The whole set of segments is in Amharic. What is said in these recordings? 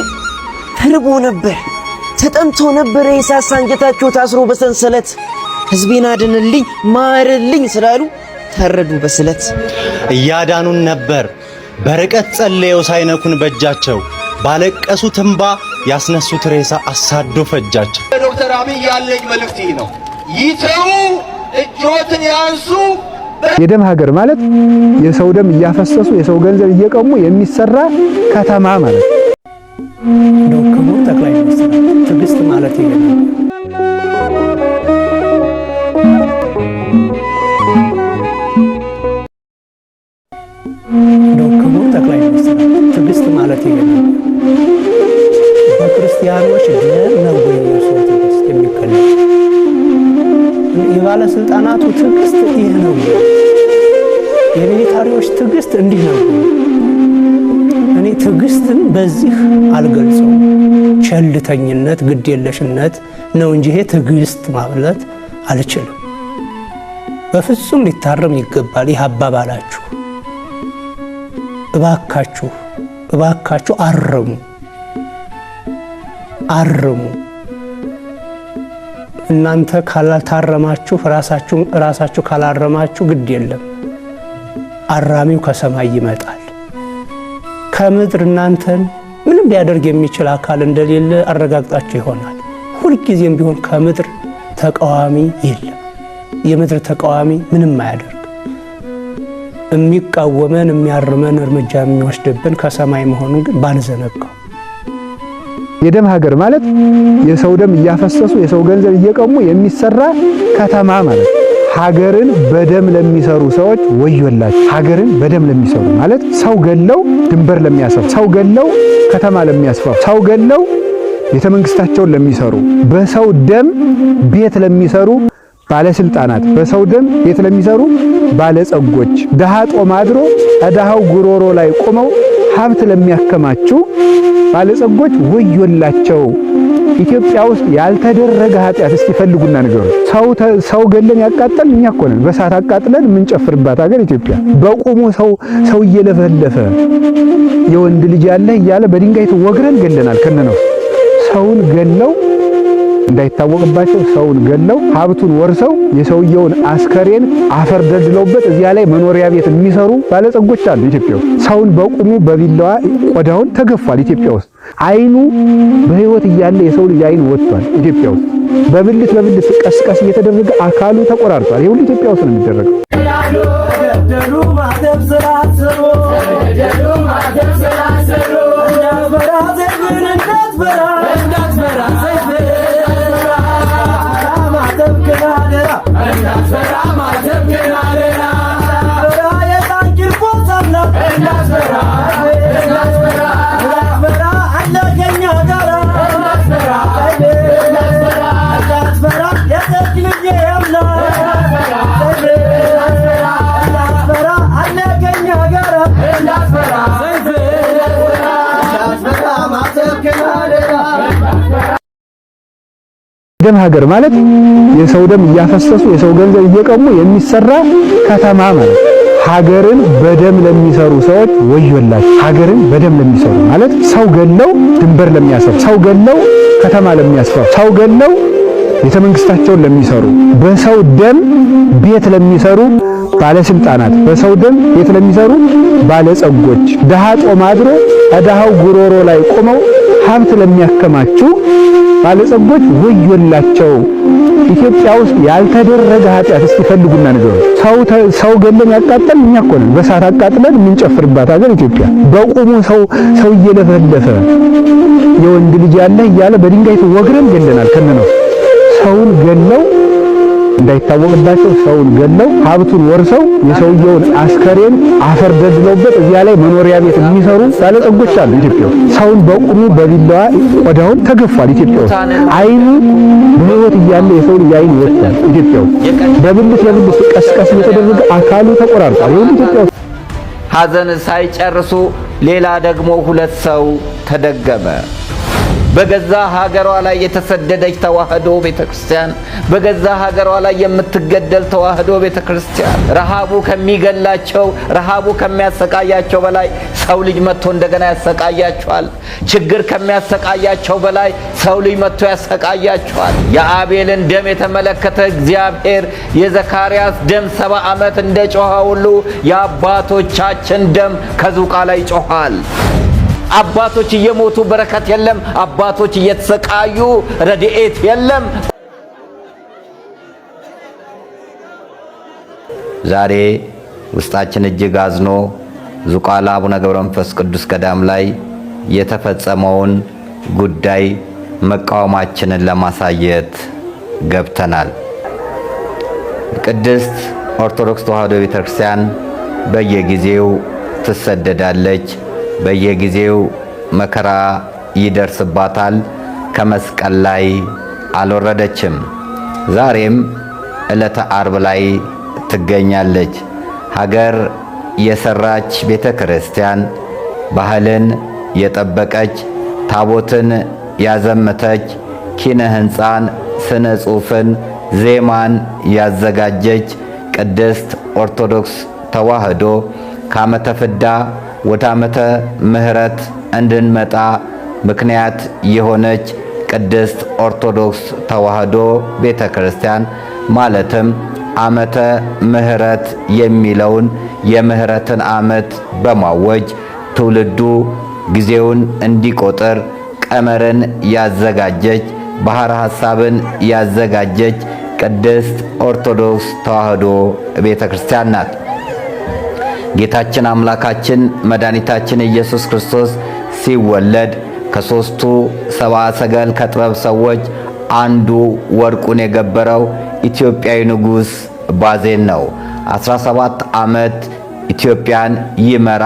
አሳዘኑ። ተርቦ ነበር፣ ተጠምቶ ነበር የሳሳ አንጀታቸው ታስሮ በሰንሰለት ሕዝቤን አድንልኝ ማርልኝ ስላሉ ታረዱ በስለት። እያዳኑን ነበር በርቀት ጸለየው ሳይነኩን በእጃቸው ባለቀሱ ትንባ ያስነሱት ሬሳ አሳዶ ፈጃቸው። ዶክተር አብይ ያለኝ መልእክት ይህ ነው፣ ይተው እጆትን ያንሱ። የደም ሀገር ማለት የሰው ደም እያፈሰሱ የሰው ገንዘብ እየቀሙ የሚሰራ ከተማ ማለት ነው ክቡር ጠቅላይ ሚኒስትር ትዕግስት ማለት ይሄ ነው። በዚህ አልገልጸውም። ቸልተኝነት፣ ግዴለሽነት ነው እንጂ ይሄ ትዕግስት ማለት አልችልም። በፍጹም ሊታረም ይገባል። ይህ አባባላችሁ እባካችሁ እባካችሁ አርሙ አርሙ። እናንተ ካላታረማችሁ ራሳችሁ ካላረማችሁ ግድ የለም አራሚው ከሰማይ ይመጣል። ከምድር እናንተን ምንም ሊያደርግ የሚችል አካል እንደሌለ አረጋግጣችሁ ይሆናል። ሁልጊዜም ቢሆን ከምድር ተቃዋሚ የለም። የምድር ተቃዋሚ ምንም አያደርግ። የሚቃወመን የሚያርመን እርምጃ የሚወስድብን ከሰማይ መሆኑን ግን ባንዘነጋው። የደም ሀገር ማለት የሰው ደም እያፈሰሱ የሰው ገንዘብ እየቀሙ የሚሰራ ከተማ ማለት ነው። ሀገርን በደም ለሚሰሩ ሰዎች ወዮላቸው። ሀገርን በደም ለሚሰሩ ማለት ሰው ገለው ድንበር ለሚያሰፉ፣ ሰው ገለው ከተማ ለሚያስፋፉ፣ ሰው ገለው ቤተ መንግስታቸውን ለሚሰሩ፣ በሰው ደም ቤት ለሚሰሩ ባለስልጣናት፣ በሰው ደም ቤት ለሚሰሩ ባለጸጎች፣ ድሃ ጦም አድሮ ከድሃው ጉሮሮ ላይ ቆመው ሀብት ለሚያከማቹ ባለጸጎች ወዮላቸው። ኢትዮጵያ ውስጥ ያልተደረገ ኃጢአት እስቲ ፈልጉና ነገሩ ሰው ሰው ገለን ያቃጠል እኛ እኮ ነን። በሳት አቃጥለን የምንጨፍርባት ሀገር ኢትዮጵያ። በቁሙ ሰው ሰው እየለፈለፈ የወንድ ልጅ ያለህ እያለ በድንጋይ ወግረን ገለናል። ከነነው ሰውን ገለው እንዳይታወቅባቸው ሰውን ገለው ሀብቱን ወርሰው የሰውየውን አስከሬን አፈር ደልድለውበት እዚያ ላይ መኖሪያ ቤት የሚሰሩ ባለጸጎች አሉ። ኢትዮጵያ ውስጥ ሰውን በቁሙ በቢላዋ ቆዳውን ተገፏል። ኢትዮጵያ ውስጥ አይኑ በህይወት እያለ የሰው ልጅ አይኑ ወጥቷል። ኢትዮጵያ ውስጥ በብልት በብልት ቀስቀስ እየተደረገ አካሉ ተቆራርጧል። ይሁሉ ኢትዮጵያ ውስጥ ነው የሚደረገው። እንዳትፈራ ማተብ ደም ሀገር ማለት የሰው ደም እያፈሰሱ የሰው ገንዘብ እየቀሙ የሚሰራ ከተማ ማለት ሀገርን በደም ለሚሰሩ ሰዎች ወዮላቸው። ሀገርን በደም ለሚሰሩ ማለት ሰው ገለው ድንበር ለሚያሰሩ፣ ሰው ገለው ከተማ ለሚያስፈሩ፣ ሰው ገለው ቤተ መንግስታቸውን ለሚሰሩ፣ በሰው ደም ቤት ለሚሰሩ ባለስልጣናት፣ በሰው ደም ቤት ለሚሰሩ ባለጸጎች፣ ድሃ ጦም አድሮ ከድሃው ጉሮሮ ላይ ቆመው ሀብት ለሚያከማቹ ባለጸጎች ወዮላቸው። ኢትዮጵያ ውስጥ ያልተደረገ ኃጢአት እስቲ ፈልጉና ንገሩ። ሰው ሰው ገለን ያቃጠል እኛ እኮ ነን። በሳት አቃጥለን የምንጨፍርባት ሀገር ኢትዮጵያ። በቁሙ ሰው ሰው እየለፈለፈ የወንድ ልጅ ያለህ እያለ በድንጋይ ወግረን ገለናል። ከነ ነው ሰውን ገለው እንዳይታወቅባቸው ሰውን ገለው ሀብቱን ወርሰው የሰውየውን አስከሬን አፈር ደድለውበት እዚያ ላይ መኖሪያ ቤት የሚሰሩ ባለጸጎች አሉ ኢትዮጵያ ውስጥ። ሰውን በቁሙ በቢላዋ ቆዳውን ተገፏል ኢትዮጵያ ውስጥ። አይኑ በህይወት እያለ የሰውን የአይን ወጥቷል ኢትዮጵያ ውስጥ። በብልት ለብልት ቀስቀስ የተደረገ አካሉ ተቆራርጧል። ይሁን ኢትዮጵያ ውስጥ ሀዘን ሳይጨርሱ ሌላ ደግሞ ሁለት ሰው ተደገመ። በገዛ ሀገሯ ላይ የተሰደደች ተዋህዶ ቤተክርስቲያን፣ በገዛ ሀገሯ ላይ የምትገደል ተዋህዶ ቤተክርስቲያን ረሃቡ ከሚገላቸው ረሃቡ ከሚያሰቃያቸው በላይ ሰው ልጅ መጥቶ እንደገና ያሰቃያቸዋል። ችግር ከሚያሰቃያቸው በላይ ሰው ልጅ መጥቶ ያሰቃያቸዋል። የአቤልን ደም የተመለከተ እግዚአብሔር የዘካርያስ ደም ሰባ ዓመት እንደ ጮኸ ሁሉ የአባቶቻችን ደም ከዙቃ ላይ ጮኋል። አባቶች እየሞቱ በረከት የለም። አባቶች እየተሰቃዩ ረድኤት የለም። ዛሬ ውስጣችን እጅግ አዝኖ ዝቋላ አቡነ ገብረ መንፈስ ቅዱስ ገዳም ላይ የተፈጸመውን ጉዳይ መቃወማችንን ለማሳየት ገብተናል። ቅድስት ኦርቶዶክስ ተዋሕዶ ቤተክርስቲያን በየጊዜው ትሰደዳለች። በየጊዜው መከራ ይደርስባታል። ከመስቀል ላይ አልወረደችም። ዛሬም ዕለተ አርብ ላይ ትገኛለች። ሀገር የሰራች ቤተ ክርስቲያን ባህልን የጠበቀች ታቦትን ያዘመተች ኪነ ሕንፃን፣ ስነ ጽሑፍን፣ ዜማን ያዘጋጀች ቅድስት ኦርቶዶክስ ተዋህዶ ከዓመተ ፍዳ ወደ ዓመተ ምሕረት እንድንመጣ ምክንያት የሆነች ቅድስት ኦርቶዶክስ ተዋህዶ ቤተ ክርስቲያን ማለትም ዓመተ ምሕረት የሚለውን የምሕረትን ዓመት በማወጅ ትውልዱ ጊዜውን እንዲቆጥር ቀመርን ያዘጋጀች ባሕረ ሐሳብን ያዘጋጀች ቅድስት ኦርቶዶክስ ተዋህዶ ቤተ ክርስቲያን ናት። ጌታችን አምላካችን መድኃኒታችን ኢየሱስ ክርስቶስ ሲወለድ ከሦስቱ ሰብአ ሰገል ከጥበብ ሰዎች አንዱ ወርቁን የገበረው ኢትዮጵያዊ ንጉሥ ባዜን ነው። 17 ዓመት ኢትዮጵያን ይመራ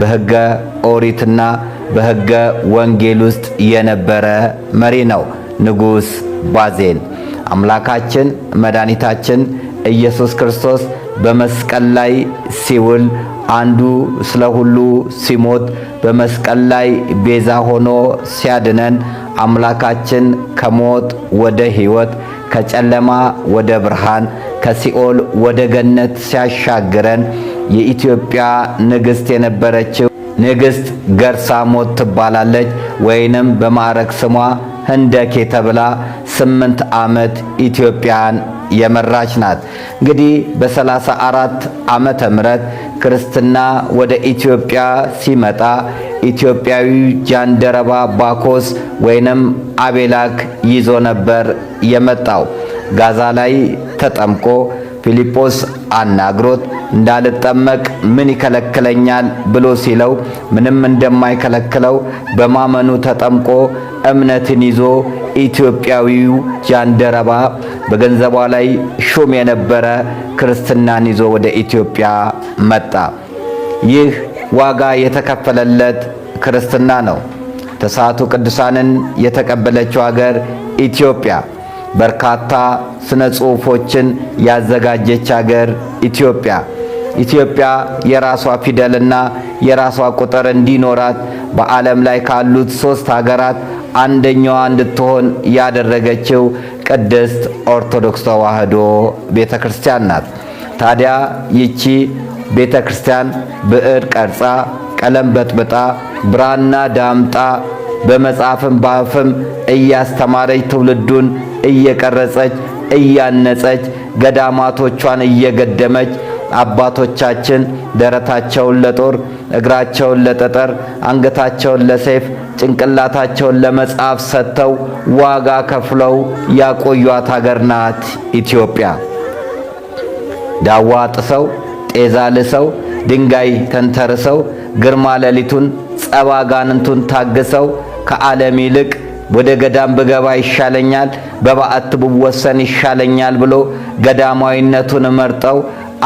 በሕገ ኦሪትና በሕገ ወንጌል ውስጥ የነበረ መሪ ነው ንጉሥ ባዜን። አምላካችን መድኃኒታችን ኢየሱስ ክርስቶስ በመስቀል ላይ ሲውል አንዱ ስለ ሁሉ ሲሞት በመስቀል ላይ ቤዛ ሆኖ ሲያድነን አምላካችን ከሞት ወደ ሕይወት ከጨለማ ወደ ብርሃን ከሲኦል ወደ ገነት ሲያሻግረን የኢትዮጵያ ንግሥት የነበረችው ንግሥት ገርሳሞት ትባላለች፣ ወይንም በማዕረግ ስሟ ህንደኬ ተብላ ስምንት ዓመት ኢትዮጵያን የመራች ናት። እንግዲህ በ34 ዓመተ ምህረት ክርስትና ወደ ኢትዮጵያ ሲመጣ ኢትዮጵያዊ ጃንደረባ ባኮስ ወይንም አቤላክ ይዞ ነበር የመጣው። ጋዛ ላይ ተጠምቆ ፊልጶስ አናግሮት እንዳልጠመቅ ምን ይከለክለኛል ብሎ ሲለው ምንም እንደማይከለክለው በማመኑ ተጠምቆ እምነትን ይዞ ኢትዮጵያዊው ጃንደረባ በገንዘቧ ላይ ሹም የነበረ ክርስትናን ይዞ ወደ ኢትዮጵያ መጣ። ይህ ዋጋ የተከፈለለት ክርስትና ነው። ተስዓቱ ቅዱሳንን የተቀበለችው ሀገር ኢትዮጵያ በርካታ ስነ ጽሑፎችን ያዘጋጀች ሀገር ኢትዮጵያ ኢትዮጵያ የራሷ ፊደልና የራሷ ቁጥር እንዲኖራት በዓለም ላይ ካሉት ሶስት ሀገራት አንደኛዋ እንድትሆን ያደረገችው ቅድስት ኦርቶዶክስ ተዋሕዶ ቤተ ክርስቲያን ናት። ታዲያ ይቺ ቤተ ክርስቲያን ብዕር ቀርጻ፣ ቀለም በጥብጣ፣ ብራና ዳምጣ በመጽሐፍም በአፍም እያስተማረች ትውልዱን እየቀረጸች እያነጸች ገዳማቶቿን እየገደመች አባቶቻችን ደረታቸውን ለጦር እግራቸውን ለጠጠር፣ አንገታቸውን ለሰይፍ፣ ጭንቅላታቸውን ለመጽሐፍ ሰጥተው ዋጋ ከፍለው ያቆዩት ሀገር ናት ኢትዮጵያ። ዳዋ ጥሰው፣ ጤዛ ልሰው፣ ድንጋይ ተንተርሰው፣ ግርማ ሌሊቱን ጸባ ጋንንቱን ታግሰው ከዓለም ይልቅ ወደ ገዳም ብገባ ይሻለኛል በባዕት ብወሰን ይሻለኛል ብሎ ገዳማዊነቱን መርጠው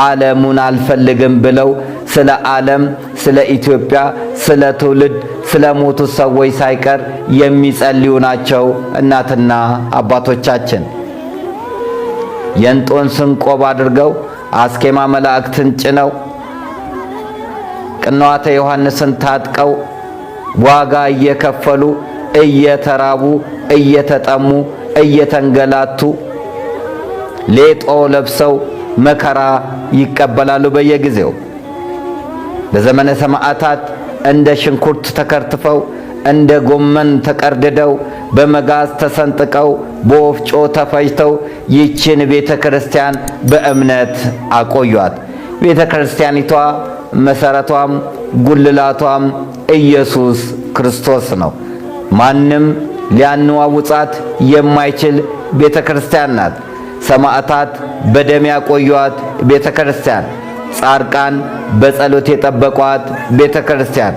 ዓለሙን አልፈልግም ብለው ስለ ዓለም ስለ ኢትዮጵያ፣ ስለ ትውልድ፣ ስለ ሞቱ ሰዎች ሳይቀር የሚጸልዩ ናቸው እናትና አባቶቻችን። የእንጦንስን ቆብ አድርገው አስኬማ መላእክትን ጭነው ቅንዋተ ዮሐንስን ታጥቀው ዋጋ እየከፈሉ እየተራቡ እየተጠሙ እየተንገላቱ ሌጦ ለብሰው መከራ ይቀበላሉ በየጊዜው። በዘመነ ሰማዕታት እንደ ሽንኩርት ተከርትፈው እንደ ጎመን ተቀርድደው በመጋዝ ተሰንጥቀው በወፍጮ ተፈጅተው ይችን ቤተ ክርስቲያን በእምነት አቆዩአት። ቤተ ክርስቲያኒቷ መሰረቷም ጉልላቷም ኢየሱስ ክርስቶስ ነው። ማንም ሊያነዋውጻት የማይችል ቤተ ክርስቲያን ናት። ሰማዕታት በደም ያቆዩአት ቤተ ክርስቲያን ጻድቃን በጸሎት የጠበቋት ቤተ ክርስቲያን።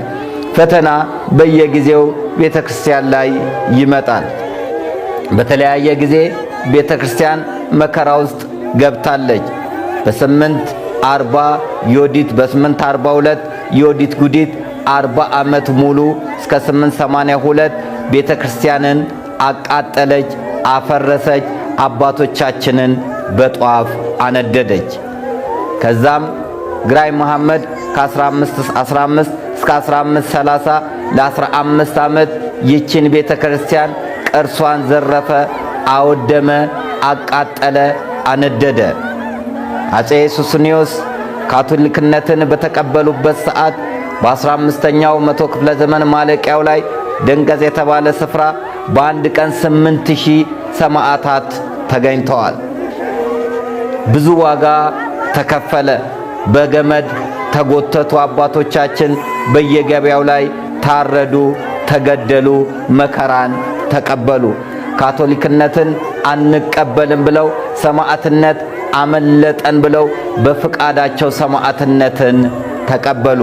ፈተና በየጊዜው ቤተ ክርስቲያን ላይ ይመጣል። በተለያየ ጊዜ ቤተ ክርስቲያን መከራ ውስጥ ገብታለች። በስምንት አርባ ዮዲት በስምንት አርባ ሁለት ዮዲት ጉዲት አርባ ዓመት ሙሉ እስከ ስምንት ሰማንያ ሁለት ቤተ ክርስቲያንን አቃጠለች፣ አፈረሰች፣ አባቶቻችንን በጧፍ አነደደች። ከዛም ግራኝ መሐመድ ከ1515 እስከ 1530 ለ15 ዓመት ይችን ቤተ ክርስቲያን ቅርሷን ዘረፈ፣ አወደመ፣ አቃጠለ፣ አነደደ። አጼ ሱስኒዮስ ካቶሊክነትን በተቀበሉበት ሰዓት በ15ኛው መቶ ክፍለ ዘመን ማለቂያው ላይ ደንገዝ የተባለ ስፍራ በአንድ ቀን 8000 ሰማዕታት ተገኝተዋል። ብዙ ዋጋ ተከፈለ። በገመድ ተጎተቱ። አባቶቻችን በየገበያው ላይ ታረዱ፣ ተገደሉ፣ መከራን ተቀበሉ። ካቶሊክነትን አንቀበልም ብለው ሰማዕትነት አመለጠን ብለው በፍቃዳቸው ሰማዕትነትን ተቀበሉ።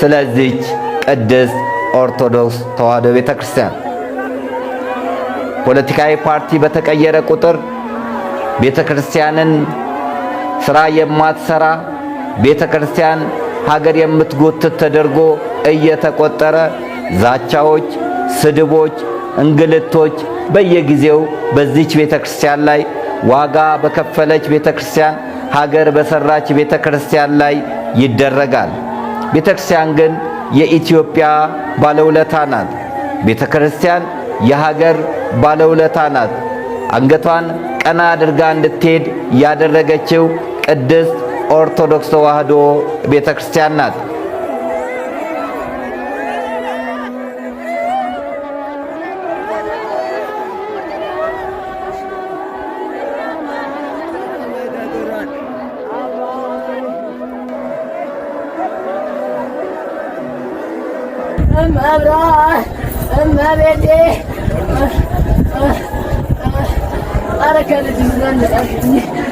ስለዚች ቅድስት ኦርቶዶክስ ተዋሕዶ ቤተ ክርስቲያን ፖለቲካዊ ፓርቲ በተቀየረ ቁጥር ቤተ ክርስቲያንን ሥራ የማትሠራ ቤተ ክርስቲያን ሀገር የምትጎትት ተደርጎ እየተቆጠረ ዛቻዎች፣ ስድቦች፣ እንግልቶች በየጊዜው በዚች ቤተ ክርስቲያን ላይ ዋጋ በከፈለች ቤተ ክርስቲያን ሀገር በሰራች ቤተ ክርስቲያን ላይ ይደረጋል። ቤተ ክርስቲያን ግን የኢትዮጵያ ባለውለታ ናት። ቤተ ክርስቲያን የሀገር ባለውለታ ናት። አንገቷን ቀና አድርጋ እንድትሄድ ያደረገችው ቅድስት ortodoks tawahdo beta kristianat Yeah.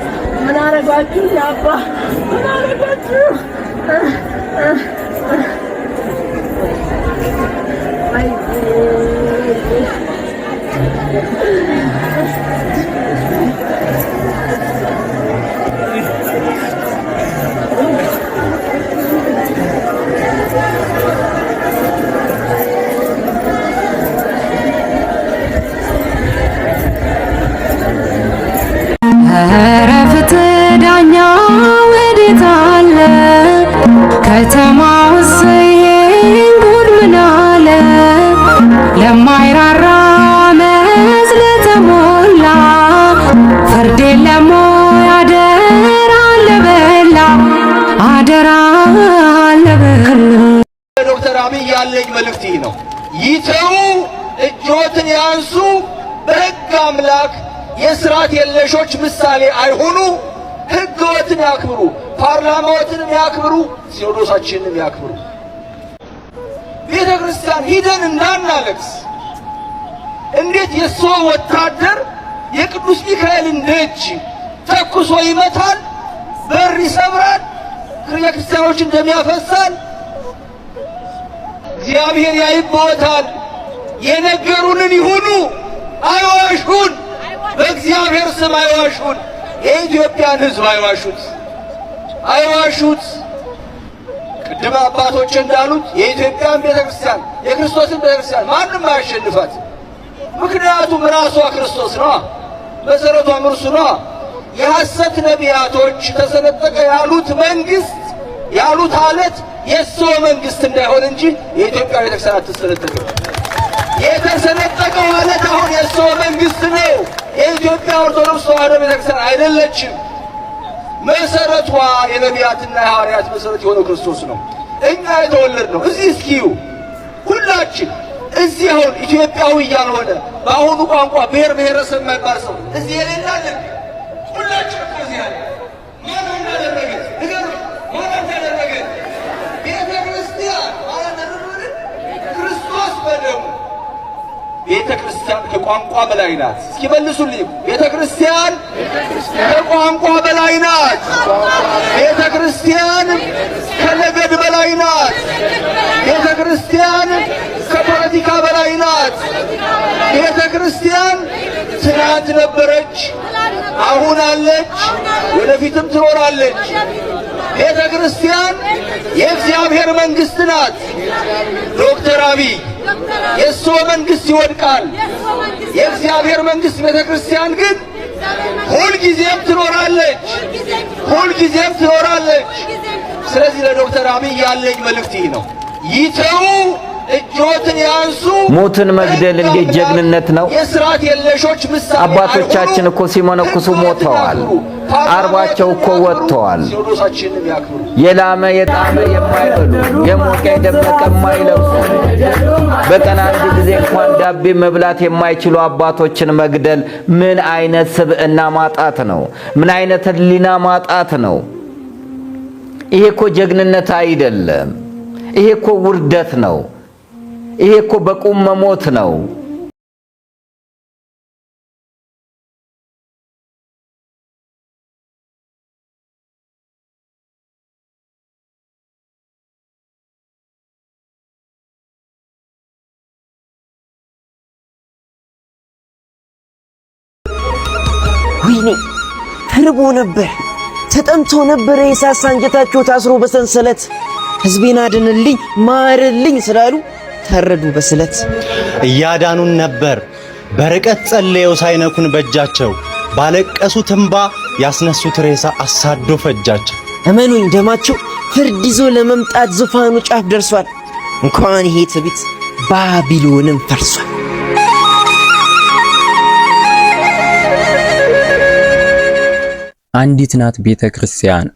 Naraguatinhapa, Naraguatinho. Ai, Deus. ስርዓት የለሾች ምሳሌ አይሆኑ። ህገወትን ያክብሩ፣ ፓርላማዎትንም ያክብሩ፣ ሲኖዶሳችንንም ያክብሩ። ቤተ ክርስቲያን ሂደን እንዳናለቅስ። እንዴት የእሱ ወታደር የቅዱስ ሚካኤልን ደጅ ተኩሶ ይመታል፣ በር ይሰብራል፣ ክርስቲያኖችን እንደሚያፈሳል እግዚአብሔር ያይቦታል። የነገሩንን ይሁኑ አይዋሹን። በእግዚአብሔር ስም አይዋሹን። የኢትዮጵያን ሕዝብ አይዋሹት፣ አይዋሹት። ቅድም አባቶች እንዳሉት የኢትዮጵያን ቤተ ክርስቲያን የክርስቶስን ቤተ ክርስቲያን ማንም አያሸንፋት። ምክንያቱም ራሷ ክርስቶስ ነዋ፣ መሠረቷም እርሱ ነዋ። የሐሰት ነቢያቶች ተሰነጠቀ ያሉት መንግስት ያሉት አለት የሰው መንግስት እንዳይሆን እንጂ የኢትዮጵያ ቤተክርስቲያን አትሰነጠቅም። የተሰነጠቀው ማለት አሁን የእሷ መንግስት ነው። የኢትዮጵያ ኦርቶዶክስ ተዋሕዶ ቤተክርስቲያን አይደለችም። መሰረቷ የነቢያትና የሐዋርያት መሰረት የሆነው ክርስቶስ ነው። እኛ የተወለድነው እዚህ እስኪዩ ሁላችን እዚህ አሁን ኢትዮጵያዊ እያልሆነ በአሁኑ ቋንቋ ብሔር ብሔረሰብ የማይባል ሰው እዚህ የሌላለን ሁላችን ቤተ ክርስቲያን ከቋንቋ በላይ ናት። እስኪ መልሱልኝ። ቤተ ክርስቲያን ከቋንቋ በላይ ናት። ቤተ ክርስቲያን ከነገድ በላይ ናት። ቤተ ክርስቲያን ከፖለቲካ በላይ ናት። ቤተ ክርስቲያን ትናንት ነበረች፣ አሁን አለች፣ ወደፊትም ትኖራለች። ቤተ ክርስቲያን የእግዚአብሔር መንግስት ናት። ዶክተር አብይ የእሱ መንግስት ይወድቃል። የእግዚአብሔር መንግስት ቤተ ክርስቲያን ግን ሁልጊዜም ትኖራለች፣ ሁልጊዜም ትኖራለች። ስለዚህ ለዶክተር አብይ ያለኝ መልእክት ይህ ነው። ይተው ሞትን መግደል እንዴት ጀግንነት ነው! አባቶቻችን እኮ ሲመነኩሱ ሞተዋል። አርባቸው እኮ ወጥተዋል። የላመ የጣመ የማይበሉ የሞቀ የደመቀ የማይለብሱ በቀን አንድ ጊዜ እንኳን ዳቤ መብላት የማይችሉ አባቶችን መግደል ምን አይነት ስብዕና ማጣት ነው? ምን አይነት ሕሊና ማጣት ነው? ይሄ እኮ ጀግንነት አይደለም። ይሄ እኮ ውርደት ነው። ይሄ እኮ በቁም መሞት ነው። ወይኔ ተርቦ ነበር፣ ተጠምቶ ነበር የሳሳ አንጀታቸው ታስሮ በሰንሰለት ህዝቤን አድንልኝ ማርልኝ ስላሉ ተረዱ በስለት እያዳኑን ነበር። በርቀት ጸለየው ሳይነኩን በእጃቸው ባለቀሱ እንባ ያስነሱት ሬሳ አሳዶ ፈጃቸው። እመኑኝ ደማቸው ፍርድ ይዞ ለመምጣት ዙፋኑ ጫፍ ደርሷል። እንኳን ይሄ ትዕቢት ባቢሎንም ፈርሷል። አንዲት ናት ቤተ ክርስቲያን፣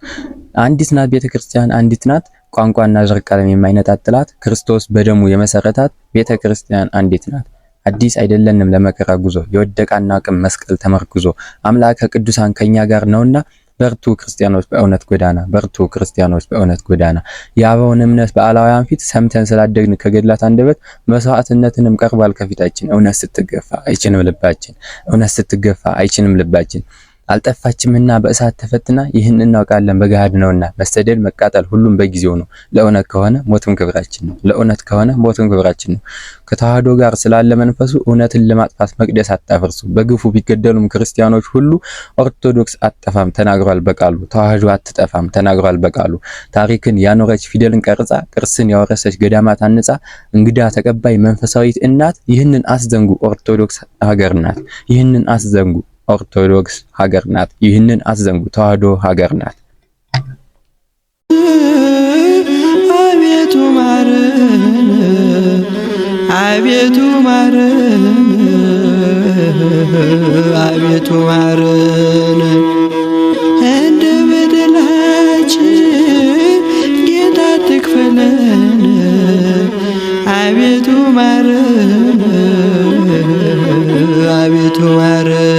አንዲት ናት ቤተ ክርስቲያን፣ አንዲት ናት ቋንቋና ዘር ቀለም የማይነጣጥላት ክርስቶስ በደሙ የመሰረታት ቤተ ክርስቲያን አንዲት ናት። አዲስ አይደለንም ለመከራ ጉዞ የወደቃና አቅም መስቀል ተመርኩዞ አምላከ ቅዱሳን ከኛ ጋር ነውና በርቱ ክርስቲያኖች በእውነት ጎዳና በርቱ ክርስቲያኖች በእውነት ጎዳና። የአበውን እምነት በአላውያን ፊት ሰምተን ስላደግን ከገድላት አንደበት መስዋዕትነትንም ቀርቧል ከፊታችን። እውነት ስትገፋ አይችንም ልባችን እውነት ስትገፋ አይችንም ልባችን አልጠፋችምና በእሳት ተፈትና ይህን እናውቃለን በገሃድ ነውና መሰደድ መቃጠል ሁሉም በጊዜው ነው። ለእውነት ከሆነ ሞትም ክብራችን ነው። ለእውነት ከሆነ ሞትም ክብራችን ነው። ከተዋህዶ ጋር ስላለ መንፈሱ እውነትን ለማጥፋት መቅደስ አታፈርሱ። በግፉ ቢገደሉም ክርስቲያኖች ሁሉ ኦርቶዶክስ አትጠፋም ተናግሯል በቃሉ። ተዋህዶ አትጠፋም ተናግሯል በቃሉ። ታሪክን ያኖረች ፊደልን ቀርጻ ቅርስን ያወረሰች ገዳማት አንጻ እንግዳ ተቀባይ መንፈሳዊት እናት ይህንን አስዘንጉ ኦርቶዶክስ ሀገር ናት። ይህንን አስዘንጉ ኦርቶዶክስ ሀገር ናት። ይህንን አዘንጉ ተዋህዶ ሀገር ናት። አቤቱ ማረን፣ አቤቱ ማረን፣ አቤቱ ማረን እንደ በደላችን ጌታ ትክፈለን። አቤቱ ማረን፣ አቤቱ ማረን